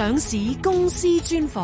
上市公司專訪。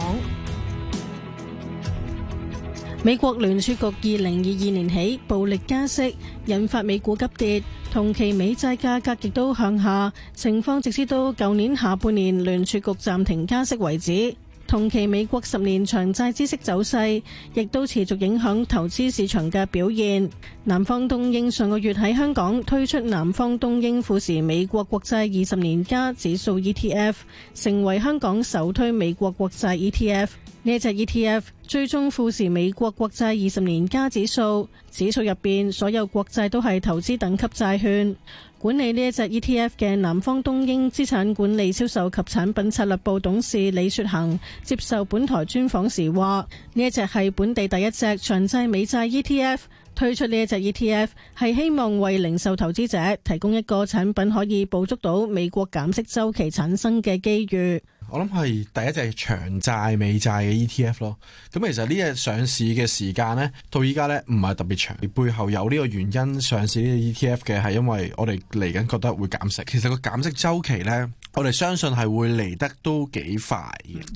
美國聯儲局二零二二年起暴力加息，引發美股急跌，同期美債價格亦都向下。情況直至到舊年下半年，聯儲局暫停加息為止。同期美國十年長債孳息走勢，亦都持續影響投資市場嘅表現，南方東英上個月喺香港推出南方東英富時美國國債二十年加指數 ETF，成為香港首推美國國債 ETF。呢隻 ETF，追蹤富時美國國債二十年加指數，指數入邊所有國債都係投資等級債券。管理呢一隻 ETF 嘅南方東英資產管理銷售及產品策略部董事李雪恒接受本台專訪時話：呢一隻係本地第一隻長債美債 ETF，推出呢一隻 ETF 係希望為零售投資者提供一個產品，可以捕捉到美國減息周期產生嘅機遇。我諗係第一隻長債美債嘅 E T F 咯。咁其實呢隻上市嘅時間呢，到依家，呢唔係特別長。背後有呢個原因上市呢隻 E T F 嘅係因為我哋嚟緊覺得會減息。其實個減息週期呢，我哋相信係會嚟得都幾快。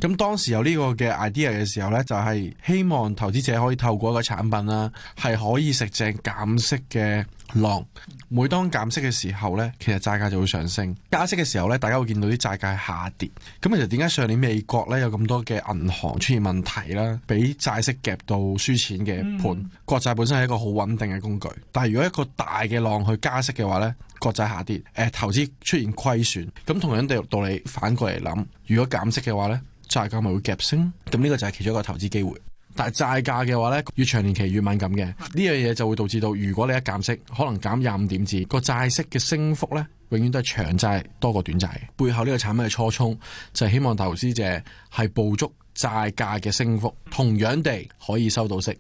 咁當時有呢個嘅 idea 嘅時候呢，就係希望投資者可以透過一個產品啦，係可以食正減息嘅浪，每當減息嘅時候呢，其實債價就會上升；加息嘅時候呢，大家會見到啲債價下跌。咁其實點解上年美國呢有咁多嘅銀行出現問題啦，俾債息夾到輸錢嘅盤。嗯、國債本身係一個好穩定嘅工具，但係如果一個大嘅浪去加息嘅話呢，國債下跌，誒、呃、投資出現虧損。咁同樣地道理反過嚟諗，如果減息嘅話呢，債價咪會夾升？咁呢個就係其中一個投資機會。但係債價嘅話呢，越長年期越敏感嘅呢樣嘢就會導致到，如果你一減息，可能減廿五點子個債息嘅升幅呢，永遠都係長債多過短債。背後呢個產品嘅初衷就係、是、希望投資者係捕捉債價嘅升幅，同樣地可以收到息。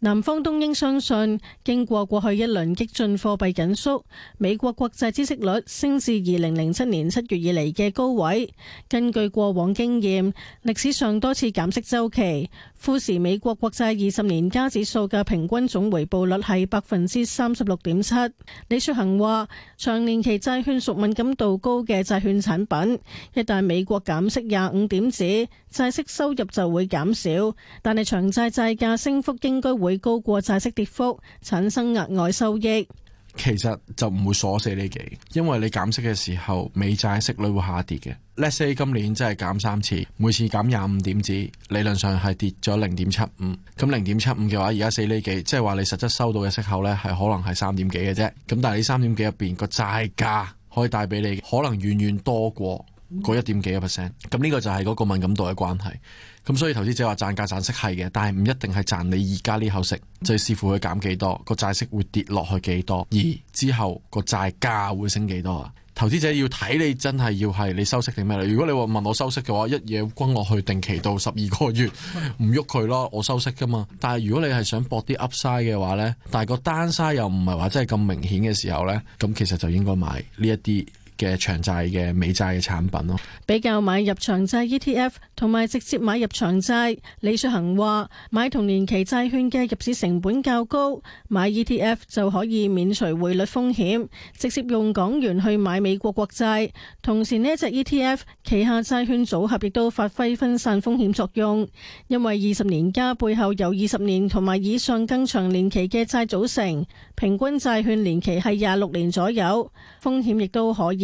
南方東英相信，經過過去一輪激進貨幣緊縮，美國國債孳息率升至二零零七年七月以嚟嘅高位。根據過往經驗，歷史上多次減息週期。富時美國國債二十年加指數嘅平均總回報率係百分之三十六點七。李雪恆話：長年期債券屬敏感度高嘅債券產品，一旦美國減息廿五點子，債息收入就會減少，但係長債債價升幅應該會高過債息跌幅，產生額外收益。其實就唔會鎖死你幾，因為你減息嘅時候，美債息率會下跌嘅。Let's say 今年真係減三次，每次減廿五點子，理論上係跌咗零點七五。咁零點七五嘅話，而家四厘幾，即係話你實質收到嘅息口呢，係可能係三點幾嘅啫。咁但係你三點幾入邊個債價可以帶俾你，可能遠遠多過嗰一點幾嘅 percent。咁呢個就係嗰個敏感度嘅關係。咁所以投資者話賺價賺息係嘅，但係唔一定係賺你而家呢口息，就係視乎佢減幾多，個債息會跌落去幾多，而之後個債價會升幾多啊？投資者要睇你真係要係你收息定咩啦？如果你話問我收息嘅話，一嘢轟落去定期到十二個月唔喐佢咯，我收息㗎嘛。但係如果你係想搏啲 Upside 嘅話呢，但係個 downside 又唔係話真係咁明顯嘅時候呢，咁其實就應該買呢一啲。嘅長債嘅美債嘅產品咯，比較買入長債 ETF 同埋直接買入長債。李雪恒話買同年期債券嘅入市成本較高，買 ETF 就可以免除匯率風險，直接用港元去買美國國債。同時呢隻 ETF 旗下債券組合亦都發揮分散風險作用，因為二十年加背後由二十年同埋以上更長年期嘅債組成，平均債券年期係廿六年左右，風險亦都可以。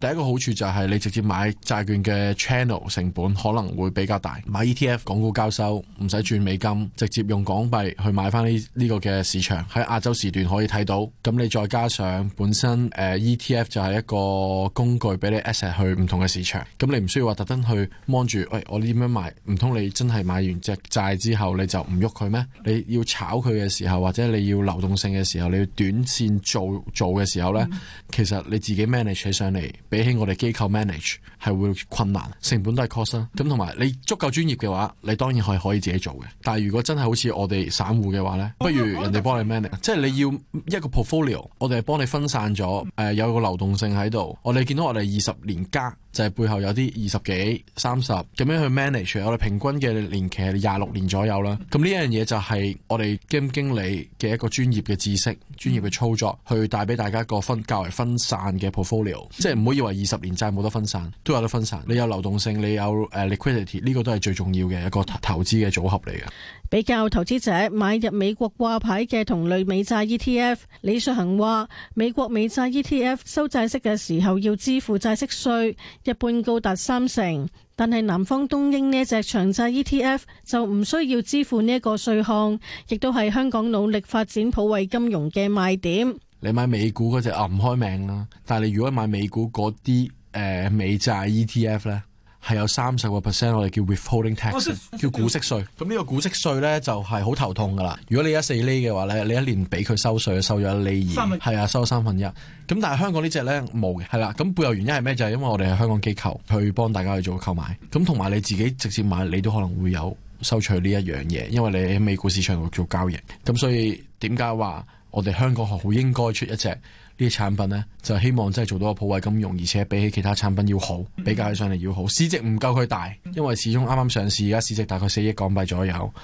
第一個好處就係你直接買債券嘅 channel 成本可能會比較大，買 ETF 港股交收唔使轉美金，直接用港幣去買翻呢，呢個嘅市場喺亞洲時段可以睇到。咁你再加上本身誒、呃、ETF 就係一個工具俾你 access 去唔同嘅市場，咁你唔需要話特登去望住，喂、哎、我點樣買？唔通你真係買完隻債之後你就唔喐佢咩？你要炒佢嘅時候，或者你要流動性嘅時候，你要短線做做嘅時候呢，其實你自己 manage 起上嚟。比起我哋機構 manage 係會困難，成本都係 cost 啦。咁同埋你足夠專業嘅話，你當然係可以自己做嘅。但係如果真係好似我哋散戶嘅話呢，不如人哋幫你 manage。即係你要一個 portfolio，我哋係幫你分散咗，誒、呃、有個流動性喺度。我哋見到我哋二十年加。就係背後有啲二十幾、三十咁樣去 manage，我哋平均嘅年期係廿六年左右啦。咁呢樣嘢就係我哋基金經理嘅一個專業嘅知識、專業嘅操作，去帶俾大家一個分較為分散嘅 portfolio，即係唔好以為二十年債冇得分散，都有得分散。你有流動性，你有誒 liquidity，呢個都係最重要嘅一個投資嘅組合嚟嘅。比較投資者買入美國掛牌嘅同類美債 ETF，李瑞恒話：美國美債 ETF 收債息嘅時候要支付債息稅。一般高達三成，但係南方東英呢隻長債 ETF 就唔需要支付呢個稅項，亦都係香港努力發展普惠金融嘅賣點。你買美股嗰隻啊唔開名啦、啊，但係你如果買美股嗰啲誒美債 ETF 呢？係有三十個 percent，我哋叫 withholding tax，叫股息稅。咁呢 個股息稅咧就係、是、好頭痛噶啦。如果你一四厘嘅話咧，你一年俾佢收稅收咗一厘二，係十啊，收三分一。咁但係香港呢隻咧冇嘅，係啦。咁、啊、背後原因係咩？就係、是、因為我哋係香港機構去幫大家去做購買。咁同埋你自己直接買，你都可能會有收取呢一樣嘢，因為你喺美股市場度做交易。咁所以點解話？我哋香港好應該出一隻呢啲產品呢就希望真係做到個普惠金融，而且比起其他產品要好，比較起上嚟要好。市值唔夠佢大，因為始終啱啱上市，而家市值大概四億港幣左右。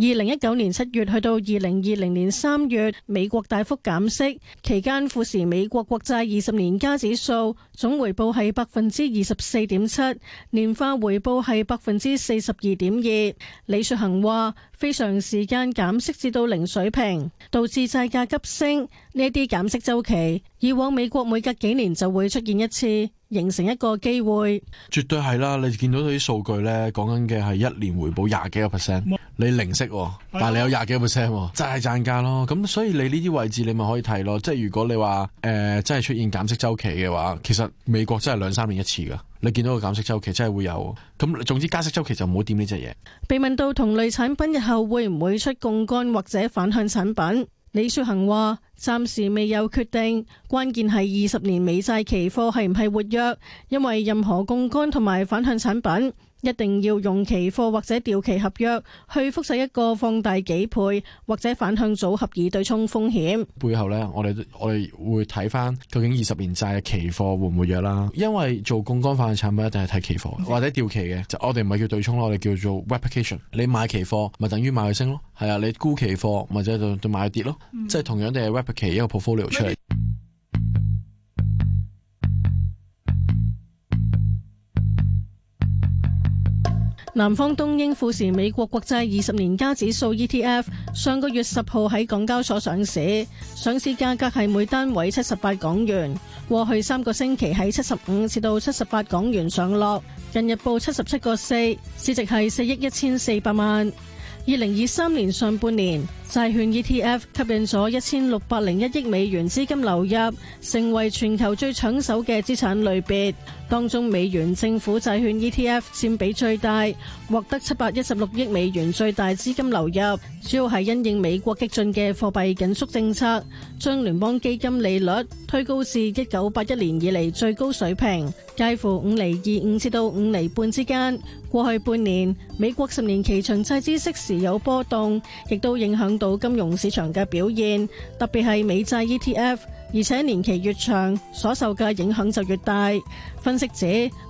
二零一九年七月去到二零二零年三月，美國大幅減息期間，富時美國國債二十年加指數總回報係百分之二十四點七，年化回報係百分之四十二點二。李雪恒話：非常時間減息至到零水平，導致債價急升。呢啲減息周期以往美國每隔幾年就會出現一次，形成一個機會。絕對係啦，你見到啲數據咧，講緊嘅係一年回報廿幾個 percent。你零息，但係你有廿幾 percent，真係賺價咯。咁所以你呢啲位置你咪可以睇咯。即係如果你話誒、呃，真係出現減息周期嘅話，其實美國真係兩三年一次噶。你見到個減息周期真係會有。咁總之加息周期就唔好掂呢隻嘢。被問到同類產品日後會唔會出槓桿或者反向產品，李雪恒話暫時未有決定，關鍵係二十年美債期貨係唔係活躍，因為任何槓桿同埋反向產品。一定要用期貨或者掉期合約去複製一個放大幾倍或者反向組合以對沖風險。背後咧，我哋我哋會睇返究竟二十年債嘅期貨會唔會約啦？因為做槓桿化嘅產品一定係睇期貨的或者掉期嘅，就我哋唔係叫對沖咯，我哋叫做 replication。你買期貨咪等於買去升咯，係啊，你沽期貨或者就就買跌咯，嗯、即係同樣地係 replication 一個 portfolio 出嚟。南方東英富時美國國債二十年加指數 ETF 上個月十號喺港交所上市，上市價格係每單位七十八港元。過去三個星期喺七十五至到七十八港元上落，近日報七十七個四，市值係四億一千四百萬。二零二三年上半年。債券 ETF 吸引咗一千六百零一億美元資金流入，成為全球最搶手嘅資產類別。當中美元政府債券 ETF 佔比最大，獲得七百一十六億美元最大資金流入。主要係因應美國激進嘅貨幣緊縮政策，將聯邦基金利率推高至一九八一年以嚟最高水平，介乎五厘二五至到五厘半之間。過去半年，美國十年期長債孳息時有波動，亦都影響。到金融市場嘅表現，特別係美債 ETF，而且年期越長，所受嘅影響就越大。分析指